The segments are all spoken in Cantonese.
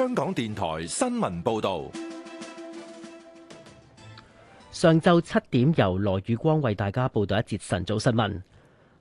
香港電台新聞報道：上晝七點，由羅宇光為大家報道一節晨早新聞。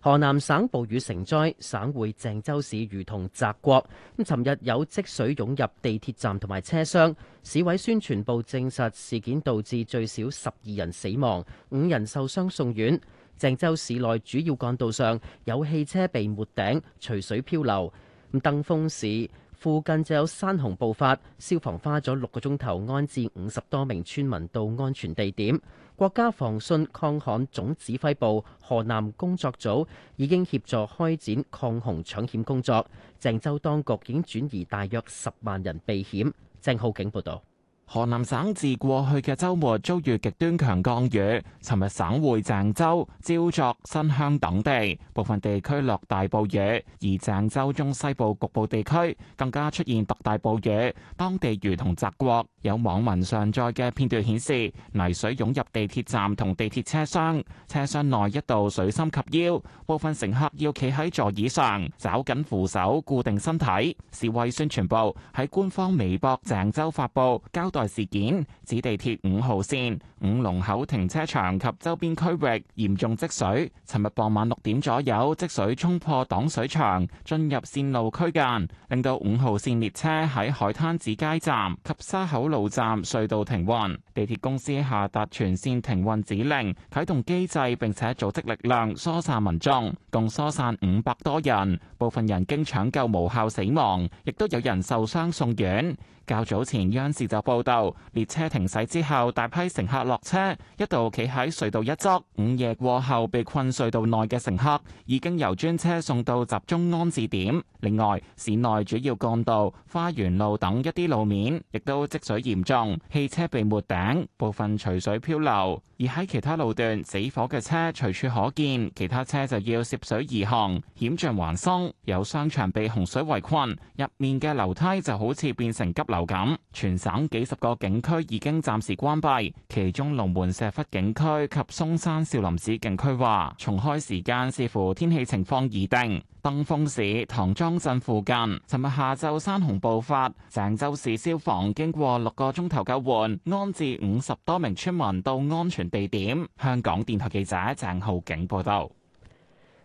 河南省暴雨成災，省會鄭州市如同澤國。咁，尋日有積水湧入地鐵站同埋車廂，市委宣傳部證實事件導致最少十二人死亡，五人受傷送院。鄭州市內主要幹道上有汽車被沒頂，隨水漂流。咁，登封市。附近就有山洪暴發，消防花咗六個鐘頭安置五十多名村民到安全地點。國家防汛抗旱總指揮部河南工作組已經協助開展抗洪搶險工作。鄭州當局已經轉移大約十萬人避險。鄭浩景報道。河南省自過去嘅週末遭遇極端強降雨，尋日省會鄭州、焦作、新鄉等地部分地區落大暴雨，而鄭州中西部局部地區更加出現特大暴雨。當地如同澤國，有網民上載嘅片段顯示泥水湧入地鐵站同地鐵車廂，車廂內一度水深及腰，部分乘客要企喺座椅上找緊扶手固定身體。市委宣傳部喺官方微博鄭州發布交代。事件指地鐵五號線五龍口停車場及周邊區域嚴重積水，尋日傍晚六點左右，積水衝破擋水牆，進入綫路區間，令到五號線列車喺海灘寺街站及沙口路站隧道停運。地鐵公司下達全線停運指令，啟動機制，並且組織力量疏散民眾，共疏散五百多人，部分人經搶救無效死亡，亦都有人受傷送院。較早前央視就報道。列車停駛之後，大批乘客落車，一度企喺隧道一側，午夜過後被困隧道內嘅乘客已經由專車送到集中安置點，另外，市內主要幹道、花園路等一啲路面亦都積水嚴重，汽車被沒頂，部分隨水漂流。而喺其他路段，死火嘅車隨處可見，其他車就要涉水而行，險象環生。有商場被洪水圍困，入面嘅樓梯就好似變成急流咁。全省幾十。個景區已經暫時關閉，其中龍門石窟景區及嵩山少林寺景區話重開時間視乎天氣情況而定。登封市唐莊鎮附近，尋日下晝山洪爆發，鄭州市消防經過六個鐘頭救援，安置五十多名村民到安全地點。香港電台記者鄭浩景報道。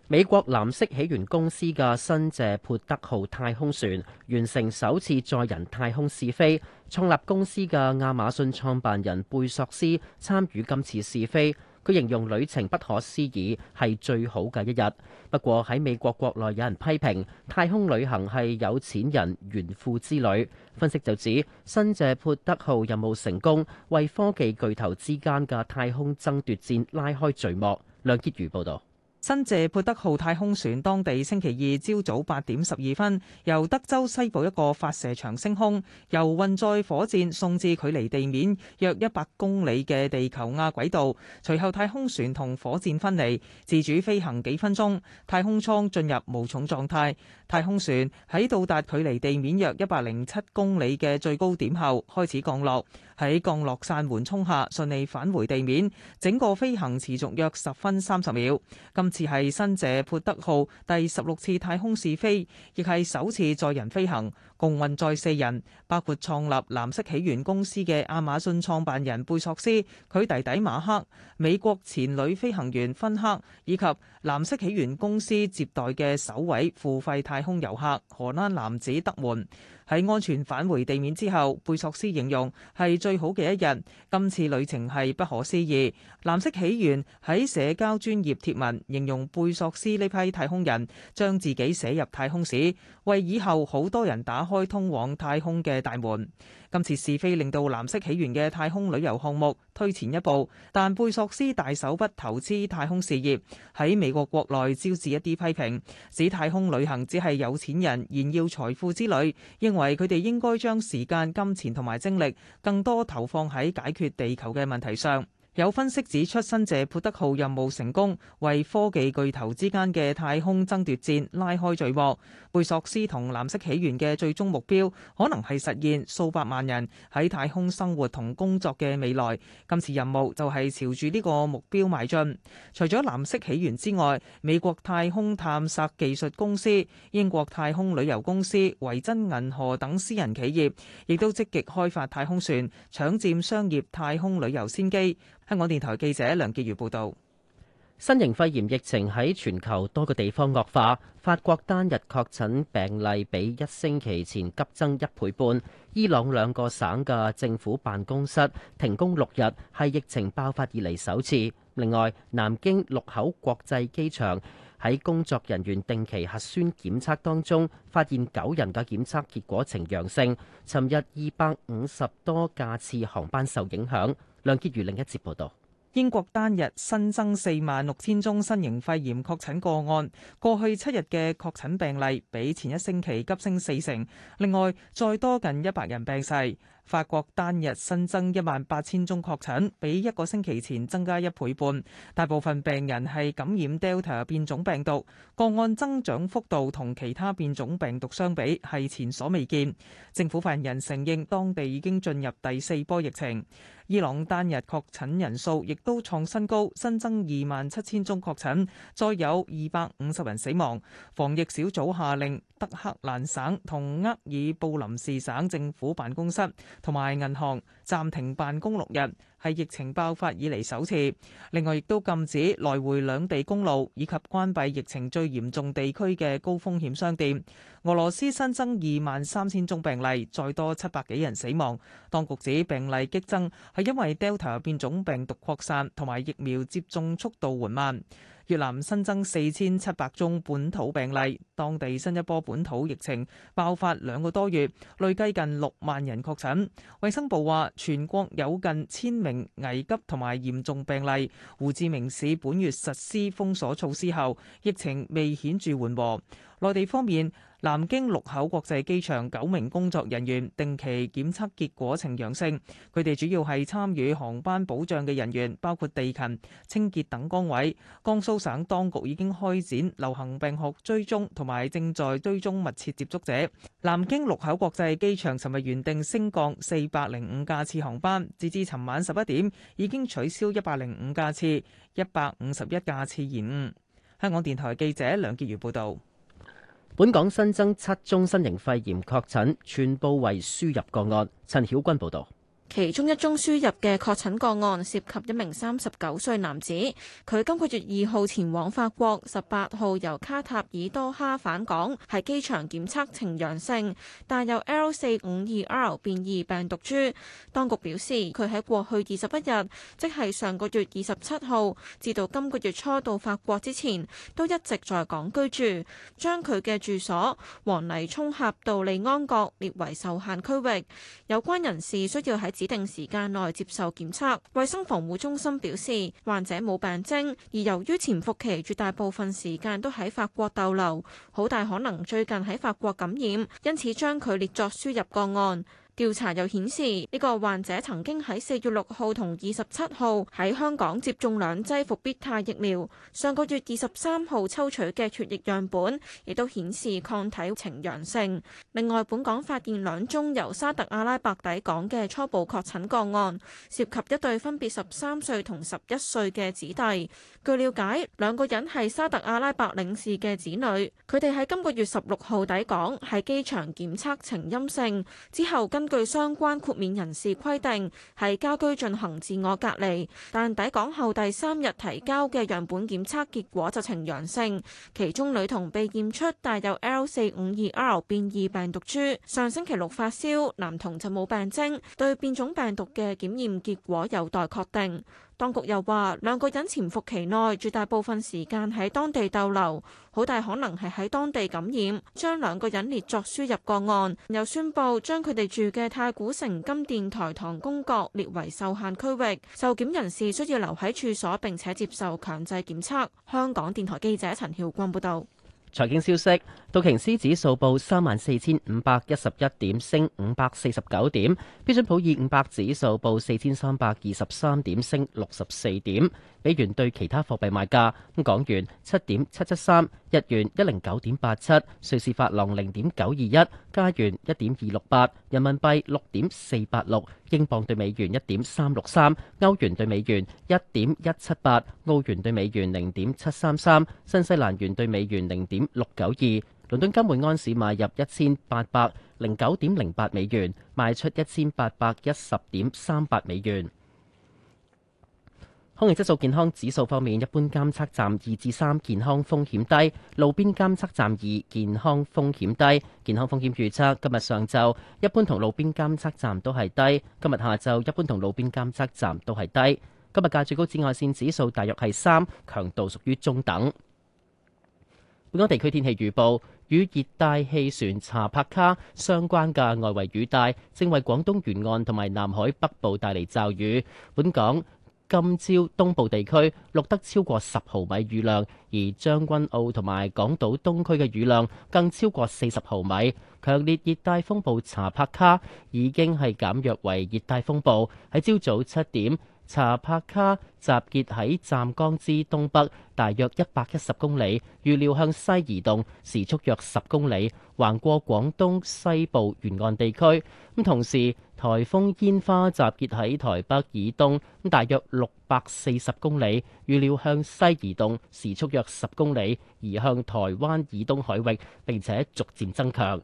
美國藍色起源公司嘅新謝潑德號太空船完成首次載人太空試飛，創立公司嘅亞馬遜創辦人貝索斯參與今次試飛，佢形容旅程不可思議，係最好嘅一日。不過喺美國國內有人批評太空旅行係有錢人炫富之旅。分析就指新謝潑德號任務成功，為科技巨頭之間嘅太空爭奪戰拉開序幕。梁潔如報道。新謝潑德號太空船，當地星期二朝早八點十二分，由德州西部一個發射場升空，由運載火箭送至距離地面約一百公里嘅地球亞軌道。隨後，太空船同火箭分離，自主飛行幾分鐘，太空艙進入無重狀態。太空船喺到達距離地面約一百零七公里嘅最高點後，開始降落。喺降落傘緩衝下，順利返回地面。整個飛行持續約十分三十秒。今次係新謝潑德號第十六次太空試飛，亦係首次載人飛行，共運載四人，包括創立藍色起源公司嘅亞馬遜創辦人貝索斯，佢弟弟馬克，美國前女飛行員芬克，以及藍色起源公司接待嘅首位付費太空遊客，荷蘭男子得門。喺安全返回地面之後，貝索斯形容係最好嘅一日。今次旅程係不可思議。藍色起源喺社交專業貼文形容貝索斯呢批太空人將自己寫入太空史，為以後好多人打開通往太空嘅大門。今次試飛令到藍色起源嘅太空旅遊項目推前一步，但貝索斯大手筆投資太空事業喺美國國內招致一啲批評，指太空旅行只係有錢人炫耀財富之旅。認為佢哋應該將時間、金錢同埋精力更多投放喺解決地球嘅問題上。有分析指出，新謝普德號任務成功，為科技巨頭之間嘅太空爭奪戰拉開序幕。貝索斯同藍色起源嘅最終目標，可能係實現數百萬人喺太空生活同工作嘅未來。今次任務就係朝住呢個目標邁進。除咗藍色起源之外，美國太空探索技術公司、英國太空旅遊公司、維珍銀河等私人企業，亦都積極開發太空船，搶佔商業太空旅遊先機。香港電台記者梁潔如報道，新型肺炎疫情喺全球多個地方惡化。法國單日確診病例比一星期前急增一倍半。伊朗兩個省嘅政府辦公室停工六日，係疫情爆發以嚟首次。另外，南京祿口國際機場喺工作人員定期核酸檢測當中發現九人嘅檢測結果呈陽性。尋日二百五十多架次航班受影響。梁潔如另一節報道，英國單日新增四萬六千宗新型肺炎確診個案，過去七日嘅確診病例比前一星期急升四成，另外再多近一百人病逝。法國單日新增一萬八千宗確診，比一個星期前增加一倍半。大部分病人係感染 Delta 變種病毒，個案增長幅度同其他變種病毒相比係前所未見。政府發言人承認當地已經進入第四波疫情。伊朗單日確診人數亦都創新高，新增二萬七千宗確診，再有二百五十人死亡。防疫小組下令德黑蘭省同厄爾布林市省政府辦公室。同埋銀行暫停辦公六日，係疫情爆發以嚟首次。另外，亦都禁止來回兩地公路，以及關閉疫情最嚴重地區嘅高風險商店。俄羅斯新增二萬三千宗病例，再多七百幾人死亡。當局指病例激增，係因為 Delta 變種病毒擴散，同埋疫苗接種速度緩慢。越南新增四千七百宗本土病例，當地新一波本土疫情爆發兩個多月，累計近六萬人確診，衛生部話全國有近千名危急同埋嚴重病例。胡志明市本月實施封鎖措施後，疫情未顯著緩和。內地方面。南京祿口國際機場九名工作人員定期檢測結果呈陽性，佢哋主要係參與航班保障嘅人員，包括地勤、清潔等崗位。江蘇省當局已經開展流行病學追蹤同埋正在追蹤密切接觸者。南京祿口國際機場尋日原定升降四百零五架次航班，直至尋晚十一點已經取消一百零五架次，一百五十一架次延誤，香港電台記者梁潔如報道。本港新增七宗新型肺炎確診，全部為輸入個案。陳曉君報道。其中一宗輸入嘅確診個案涉及一名三十九歲男子，佢今個月二號前往法國，十八號由卡塔爾多哈返港，喺機場檢測呈陽性，帶有 L 四五二 R 變異病毒株。當局表示，佢喺過去二十一日，即係上個月二十七號至到今個月初到法國之前，都一直在港居住。將佢嘅住所黃泥涌峽道利安閣列為受限區域，有關人士需要喺指定時間內接受檢測。衛生防護中心表示，患者冇病徵，而由於潛伏期絕大部分時間都喺法國逗留，好大可能最近喺法國感染，因此將佢列作輸入個案。調查又顯示呢個患者曾經喺四月六號同二十七號喺香港接種兩劑伏必泰疫苗，上個月二十三號抽取嘅血液樣本亦都顯示抗體呈陽性。另外，本港發現兩宗由沙特阿拉伯抵港嘅初步確診個案，涉及一對分別十三歲同十一歲嘅子弟。據了解，兩個人係沙特阿拉伯領事嘅子女，佢哋喺今個月十六號抵港，喺機場檢測呈陰性，之後跟根據相關豁免人士規定，喺家居進行自我隔離，但抵港後第三日提交嘅樣本檢測結果就呈陽性，其中女童被驗出帶有 L452R 變異病毒株，上星期六發燒，男童就冇病徵，對變種病毒嘅檢驗結果有待確定。當局又話，兩個人潛伏期內絕大部分時間喺當地逗留，好大可能係喺當地感染，將兩個人列作輸入個案，又宣布將佢哋住嘅太古城金殿台唐宮閣列為受限區域，受檢人士需要留喺處所並且接受強制檢測。香港電台記者陳曉光報導。財經消息，道瓊斯指數報三萬四千五百一十一點，升五百四十九點；標準普爾五百指數報四千三百二十三點，升六十四點。美元對其他貨幣賣價，港元七點七七三，日元一零九點八七，瑞士法郎零點九二一，加元一點二六八，人民幣六點四八六。英鎊兌美元一點三六三，歐元兌美元一點一七八，澳元兌美元零點七三三，新西蘭元兌美元零點六九二。倫敦金每安士買入一千八百零九點零八美元，賣出一千八百一十點三八美元。空氣質素健康指數方面，一般監測站二至三，健康風險低；路邊監測站二，健康風險低。健康風險預測今日上晝一般同路邊監測站都係低，今日下晝一般同路邊監測站都係低。今日嘅最高紫外線指數大約係三，強度屬於中等。本港地區天氣預報，與熱帶氣旋查帕卡相關嘅外圍雨帶，正為廣東沿岸同埋南海北部帶嚟驟雨。本港今朝東部地區錄得超過十毫米雨量，而將軍澳同埋港島東區嘅雨量更超過四十毫米。強烈熱帶風暴查帕卡已經係減弱為熱帶風暴，喺朝早七點。查帕卡集結喺湛江之東北，大約一百一十公里，預料向西移動，時速約十公里，橫過廣東西部沿岸地區。同時，颱風煙花集結喺台北以東，大約六百四十公里，預料向西移動，時速約十公里，移向台灣以東海域，並且逐漸增強。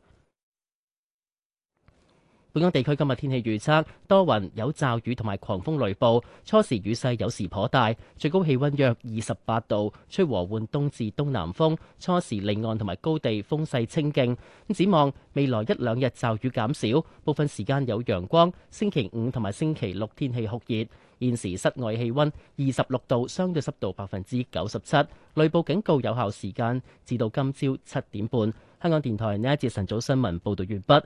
本港地區今日天，天氣預測多雲，有驟雨同埋狂風雷暴，初時雨勢有時頗大，最高氣溫約二十八度，吹和緩東至東南風，初時離岸同埋高地風勢清勁。咁展望未來一兩日驟雨減少，部分時間有陽光。星期五同埋星期六天氣酷熱。現時室外氣溫二十六度，相對濕度百分之九十七，雷暴警告有效時間至到今朝七點半。香港電台呢一節晨早新聞報道完畢。